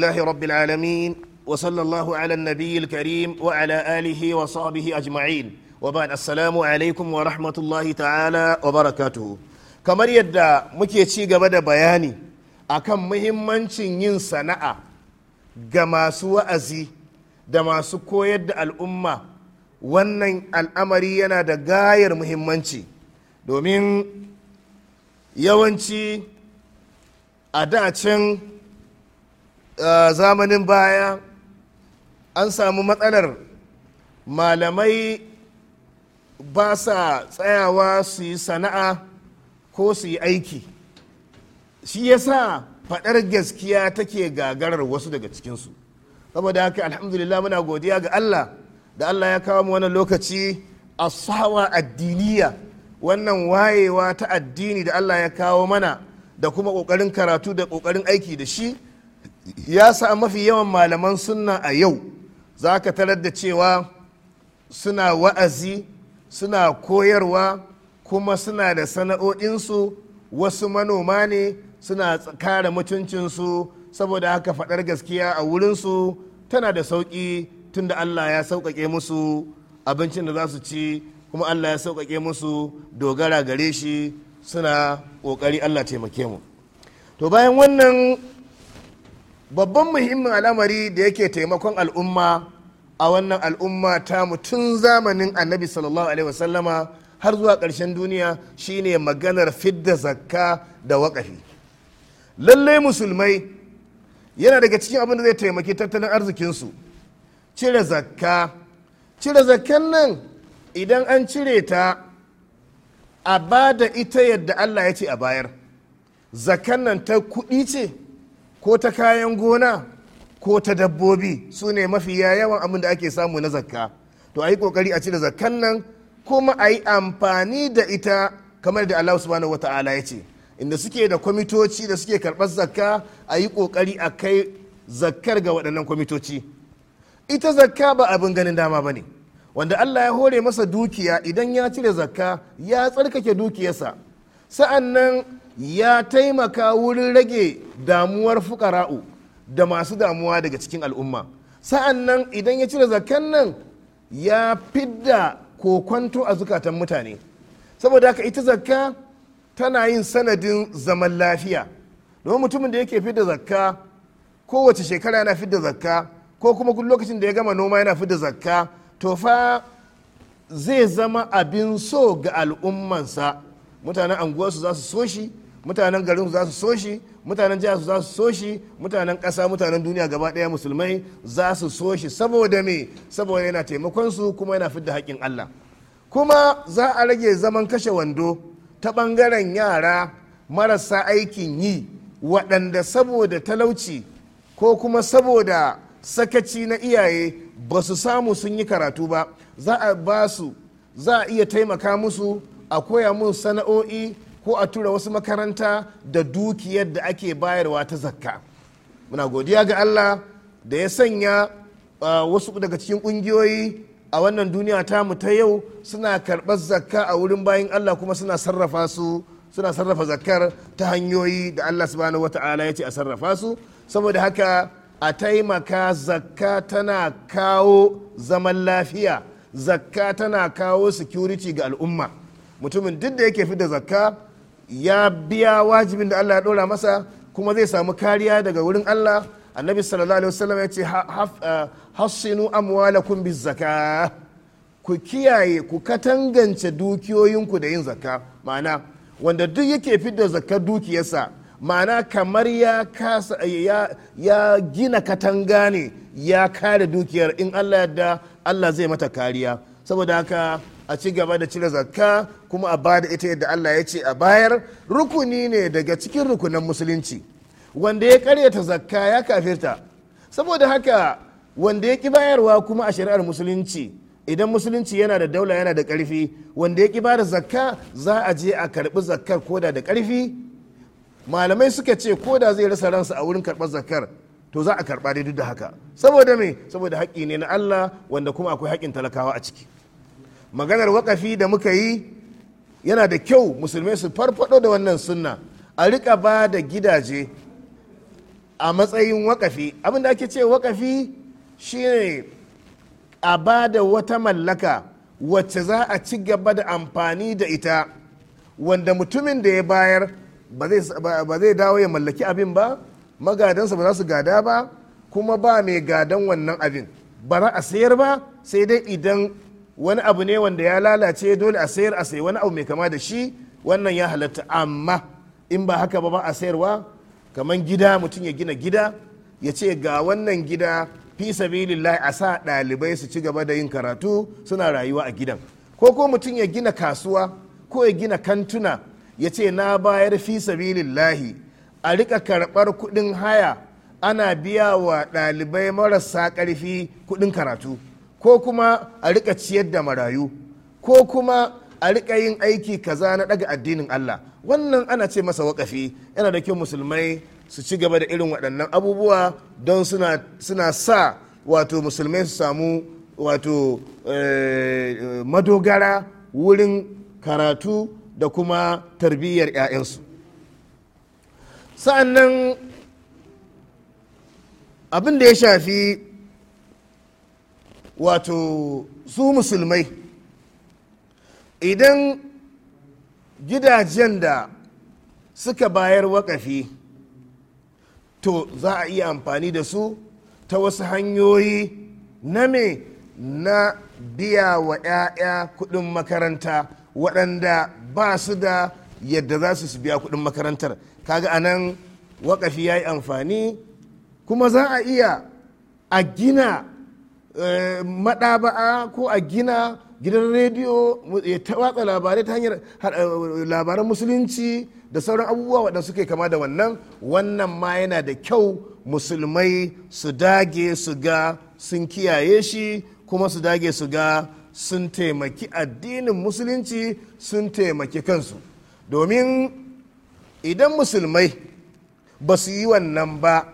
لله رب العالمين وصلى الله على النبي الكريم وعلى آله وصحبه أجمعين وبعد السلام عليكم ورحمة الله تعالى وبركاته kamar yadda muke ci gaba da bayani akan muhimmancin yin sana'a ga masu wa'azi da masu koyar da al'umma wannan al'amari yana da gayar muhimmanci domin yawanci a dacen zamanin baya an samu matsalar malamai ba sa tsayawa su yi sana'a ko su yi aiki shi ya sa faɗar gaskiya take gagarar wasu daga cikinsu saboda haka alhamdulillah muna godiya ga allah da allah ya kawo mu wannan lokaci a sawa addiniya wannan wayewa ta addini da allah ya kawo mana da kuma ƙoƙarin karatu da ƙoƙarin aiki da shi ya sa mafi yawan malaman sunna a yau za ka tarar da cewa suna wa'azi suna koyarwa kuma suna da sana'o'insu wasu manoma ne suna kare mutuncinsu saboda haka faɗar gaskiya a wurinsu tana da sauƙi tunda allah ya sauƙaƙe musu abincin da za su ci kuma allah ya sauƙaƙe musu dogara gare shi suna ƙoƙari allah taimake mu to bayan wannan babban muhimmin al'amari da yake taimakon al'umma a wannan al'umma ta tun zamanin annabi sallallahu alaihi wasallama har zuwa ƙarshen duniya shine maganar fidda zakka da waƙafi lallai musulmai yana daga cikin abin da zai taimaki tattalin arzikinsu cire zakka cire zakkan nan idan an cire ta a ba da ita yadda allah ya ce a bayar zakkan nan ta kuɗi ce ko ta kayan gona ko ta dabbobi su ne mafiya yawan abin da ake samu na zakka to a yi kokari a cire zakkan nan kuma a yi amfani da ita kamar da Allah subhanahu wata'ala ya ce inda suke da kwamitoci da suke karɓar zakka a yi kokari a kai zakkar ga waɗannan kwamitoci ita zakka ba abin ganin dama ba ne wanda Allah ya hore masa dukiya idan ya cire zakka ya tsarkake dukiyarsa sa'an nan ya taimaka wurin rage damuwar fukara'u da masu damuwa daga cikin al'umma sa'an nan idan ya cire zakan nan ya fidda kokwanto a zukatan mutane saboda haka ita zakka tana yin sanadin zaman lafiya domin mutumin da yake fidda zakka kowace shekara yana fidda zakka ko kuma lokacin da ya gama noma yana fidda zakka to fa zai zama abin so ga al'ummansa mutanen anguwarsu za su so shi mutanen garin za su so shi mutanen jihar su za su so shi mutanen ƙasa mutanen duniya gaba ɗaya musulmai za su so shi saboda me saboda yana taimakon su kuma yana fidda haƙƙin Allah kuma za a rage zaman kashe wando ta ɓangaren yara marasa aikin yi waɗanda saboda talauci ko kuma saboda sakaci na iyaye ba su samu sun yi karatu ba za a ba su za a iya taimaka musu a koya musu sana'o'i ko a tura wasu makaranta da dukiyar da ake bayarwa ta zakka muna godiya ga allah da ya sanya wasu daga cikin ƙungiyoyi a wannan duniya ta mu ta yau suna karɓar zakka a wurin bayan allah kuma suna sarrafa su suna sarrafa zakkar ta hanyoyi da allah subhanahu wata'ala ya ce a sarrafa su saboda haka a taimaka zakka tana kawo zaman lafiya zakka tana kawo security ga al'umma mutumin duk da yake fi da zakka ya biya wajibin da Allah ya ɗora masa kuma zai samu kariya daga wurin Allah annabi sallallahu alaihi wasallam ya ce hassinu amwalakum bizzaka ku kiyaye ku katangance dukiyoyinku da yin zakka ma'ana wanda duk yake fidda zakkar dukiyarsa ma'ana kamar ya kasa ya, gina katanga ne ya kare dukiyar in Allah yadda Allah zai mata kariya saboda haka a ci gaba da cire zakka kuma a bada ita yadda Allah ya ce a bayar rukuni ne daga cikin rukunan musulunci wanda ya karyata zakka ya kafirta saboda haka wanda ya ki bayarwa kuma a shari'ar musulunci idan musulunci yana da daula yana da karfi wanda ya ki bada zakka za a je a karbi zakkar koda da karfi malamai suka ce koda zai rasa ransa a wurin karbar zakkar to za a karba dai duk da haka saboda me saboda haƙƙi ne na Allah wanda kuma akwai haƙƙin talakawa a ciki maganar waƙafi da muka yi yana da kyau musulmai su farfado da wannan sunna a rika ba da gidaje a matsayin wakafi abin da ake ce wakafi shine a ba da wata mallaka wacce za a ci gaba da amfani da ita wanda mutumin da ya bayar ba zai dawo ya mallaki abin ba magadansa ba za su gada ba kuma ba mai gadan wannan abin ba za a sayar ba sai dai idan wani abu ne wanda ya lalace dole a sayar a sayi wani abu mai kama da shi wannan ya halatta amma in ba haka ba ba a sayarwa kamar gida mutum ya gina gida ya ce ga wannan gida fi sabilillah a sa ɗalibai su ci gaba da yin karatu suna rayuwa a gidan ko ko mutum ya gina kasuwa ko ya gina kantuna ya ce na bayar fi sabilillahi a rika karɓar kuɗin haya ana biya wa ɗalibai marasa ƙarfi kuɗin karatu ko kuma a rika ciyar da marayu ko kuma a rika yin aiki kaza na daga addinin Allah wannan ana ce masa wakafi yana da kyau musulmai su ci gaba da irin waɗannan abubuwa don suna sa wato musulmai su samu wato eh, madogara wurin karatu da kuma tarbiyyar 'ya'yansu sa'annan abin da ya shafi wato su musulmai idan gidajen da suka bayar wakafi to za a iya amfani da su ta wasu hanyoyi na me na biya wa 'ya'ya kudin makaranta waɗanda ba su da yadda za su biya kudin makarantar kaga anan wakafi ya yi amfani kuma za a iya a gina Eh, maɗaba'a ko a gina gidan rediyo ta watsa labarai ta hanyar eh, labaran musulunci da sauran abubuwa waɗanda suke kama da wannan wannan ma yana da kyau musulmai su dage su ga sun kiyaye shi kuma su dage su ga sun taimaki addinin musulunci sun taimaki kansu domin idan musulmai ba su yi wannan ba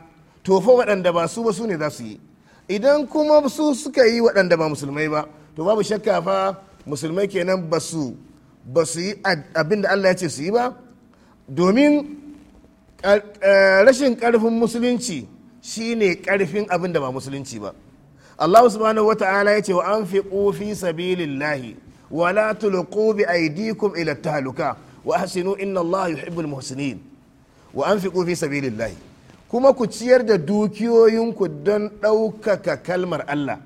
tofa waɗanda ba su ba su ne za su yi idan kuma su suka yi waɗanda ba musulmai ba to babu shakka fa musulmai kenan ba su ba su yi abin da allah ya ce su yi ba domin eh, rashin ƙarfin musulunci shine ƙarfin abin da ba musulunci ba allah subhanahu wata'ala ya ce wa an fi fi sabilillahi wa la tulqu bi aydikum ila tahluka wa ahsinu inna allah yuhibbul muhsinin wa an fi fi sabilillahi kuma ku ciyar da dukiyoyinku don ɗaukaka kalmar Allah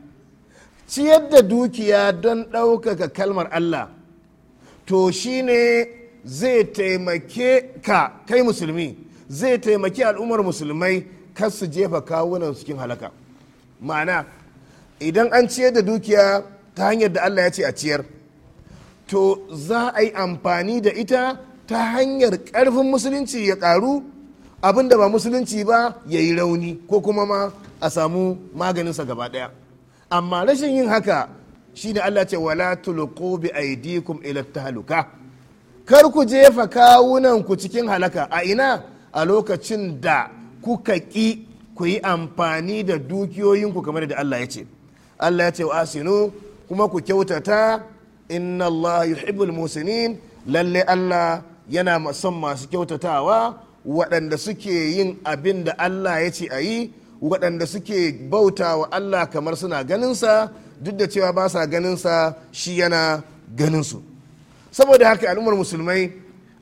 ciyar da dukiya don ɗaukaka kalmar Allah to shi ne zai taimake ka kai musulmi zai taimake al'ummar musulmai kar su jefa kawunan cikin halaka ma'ana idan an ciyar da dukiya ta hanyar da Allah ya ce a ciyar to za a yi amfani da ita ta hanyar ƙarfin musulunci ya ƙaru abin da ba musulunci ba ya yi rauni ko kuma ma a samu maganinsa gaba daya amma rashin yin haka shine Allah ce wala tulqu bi aydikum ila tahluka kar ku jefa kawunan ku cikin halaka a ina a lokacin da kuka ki ku yi amfani da dukiyoyinku kamar da Allah ya ce Allah ya ce wa asinu kuma ku kyautata inna Allah yuhibbul musinin lalle Allah yana son masu kyautatawa waɗanda suke yin abin da Allah ya ce a yi waɗanda suke bauta wa Allah kamar suna ganinsa duk da cewa ba sa ganinsa shi yana ganinsu saboda haka al'ummar musulmai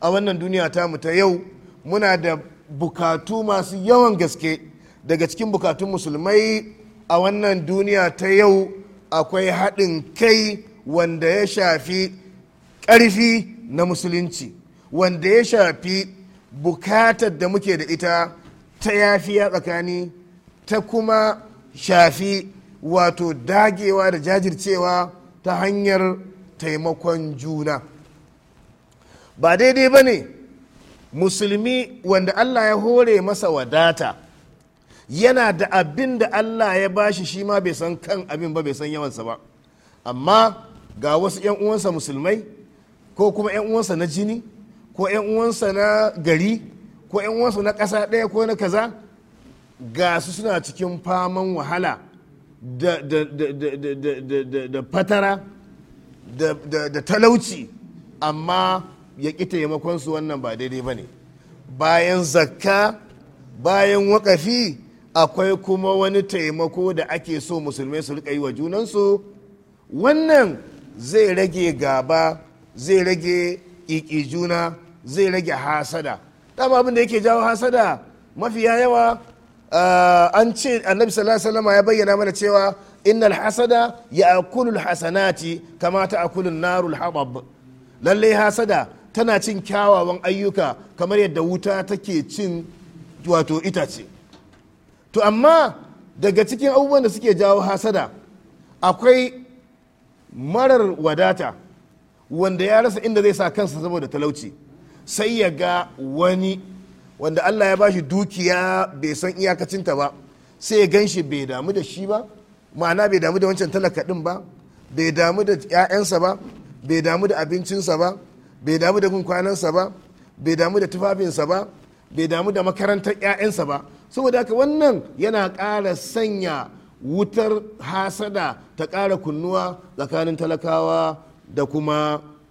a wannan duniya ta ta yau muna da bukatu masu yawan gaske daga cikin bukatun musulmai a wannan duniya ta yau akwai haɗin kai wanda ya shafi ƙarfi na musulunci wanda ya shafi bukatar da muke da ita ta yafiya tsakani ta kuma shafi wato dagewa da jajircewa ta hanyar taimakon juna ba daidai ba ne musulmi wanda allah ya hore masa wadata yana da abin da allah ya bashi shi ma bai san kan abin ba bai san yawansa ba amma ga wasu 'yan uwansa musulmai ko kuma 'yan uwansa na jini ko 'yan uwansa na gari ko 'yan uwansa na ƙasa ɗaya ko na kaza ga su suna cikin faman wahala da fatara da talauci amma ya ƙi taimakonsu wannan ba daidai ba ne bayan zakka bayan wakafi akwai kuma wani taimako da ake so musulmai su rika yi wa junansu wannan zai rage gaba zai rage ƙiƙi juna zai rage hasada dama abin da yake jawo hasada mafiya yawa ah, an ce annabi sallallahu alaihi ya bayyana mana cewa innal hasada ya'kulu hasanati kama ta'kulu narul habab lalle hasada tana cin kyawawan ayyuka kamar yadda wuta take cin wato itace to amma daga cikin abubuwan da suke jawo hasada akwai marar wadata wanda ya rasa inda zai sa kansa saboda talauci sai ya ga wani wanda allah ya bashi dukiya bai san iyakacinta ba sai ya gan shi bai damu da shi ba ma'ana bai damu da wancan talaka din ba bai damu da 'ya'yansa ba bai damu da abincinsa ba bai damu da kwanansa ba bai damu da tufafinsa ba bai damu da makarantar 'ya'yansa ba saboda haka wannan yana ƙara sanya wutar hasada ta ƙara kunnuwa tsakanin talakawa da kuma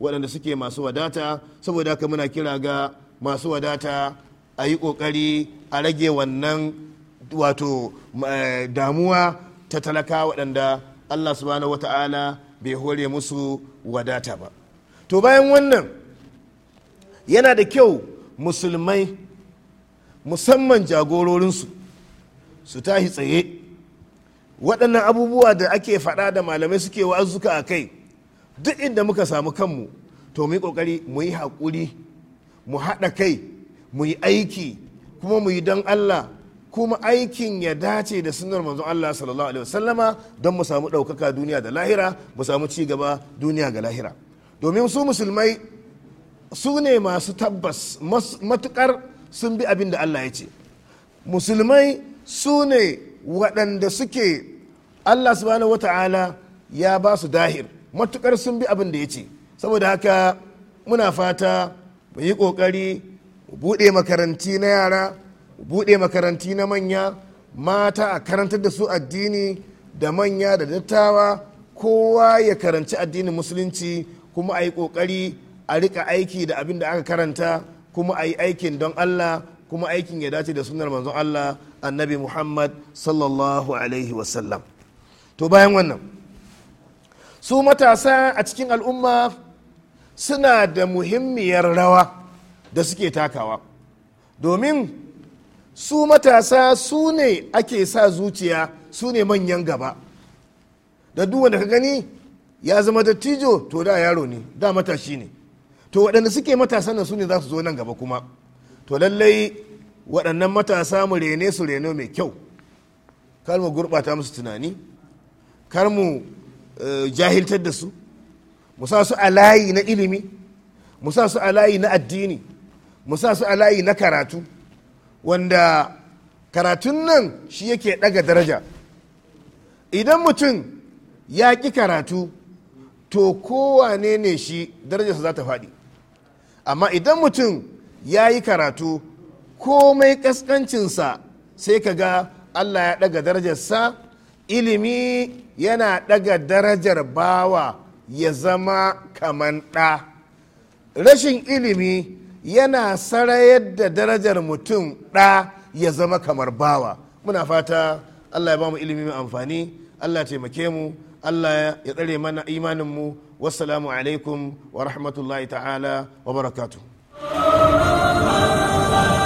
waɗanda suke masu wadata saboda haka muna kira ga masu wadata a yi ƙoƙari a rage wannan wato eh, damuwa ta talaka waɗanda allah subhanahu wata'ala bai hore musu wadata ba to bayan wannan yana da kyau musulmai musamman jagororinsu su tashi tsaye waɗannan abubuwa da ake faɗa da malamai suke wa'azuka a kai duk inda muka samu kanmu to mu yi ƙoƙari mu yi haƙuri mu haɗa kai mu yi aiki kuma mu yi don allah kuma aikin ya dace da sunar manzon allah sallallahu alaihi wasallama don mu samu ɗaukaka duniya da lahira mu samu ci gaba duniya ga lahira domin su musulmai su ne masu tabbas matukar sun bi abin da allah ya ce musulmai su ne waɗanda suke allah subhanahu ta'ala ya ba su dahir matukar sun bi abin da ya ce saboda haka muna fata mu yi kokari mu buɗe makaranti na yara mu buɗe makaranti na manya mata a karantar da su addini da manya da dattawa kowa ya karanci addinin musulunci kuma a yi kokari a rika aiki da abin da aka karanta kuma a yi aikin don allah kuma aikin ya dace da sunar manzon allah annabi muhammad sallallahu alaihi wasallam to bayan wannan su matasa a cikin al'umma suna da muhimmiyar rawa da suke takawa domin su matasa su ne ake sa zuciya su ne manyan gaba da wanda ka gani ya zama dattijo to da yaro ne da matashi ne to waɗanda suke matasa na su ne za su zo nan gaba kuma to lallai waɗannan matasa mu rene su reno mai kyau kar mu gurɓata musu tunani kar mu jahiltar da su mu su a layi na ilimi mu su a layi na addini mu su a layi na karatu wanda karatun nan shi yake daga daraja idan mutum ya ƙi karatu to kowane ne shi darajarsa za ta faɗi amma idan mutum ya yi karatu komai ƙasƙancinsa sai ka ga allah ya ɗaga darajarsa ilimi yana ɗaga darajar bawa ya zama kaman ɗa rashin ilimi yana sarayar da darajar mutum ɗa ya zama kamar bawa muna fata allah ya ba mu ilimi mai amfani allah taimake mu allah ya tsare mana imaninmu wasalamu alaikum wa rahmatullahi ta'ala wa barakatuh